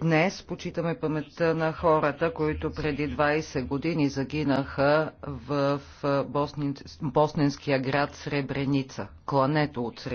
Днес почитаме паметта на хората, които преди 20 години загинаха в босненския град Сребреница, клането от Сребреница.